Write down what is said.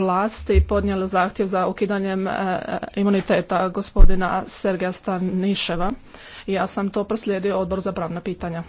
vlasti podnijelo zahtjev za ukidanjem e, e, imuniteta gospodina Sergeja Staniševa. Ja sam to proslijedio odbor za pravna pitanja.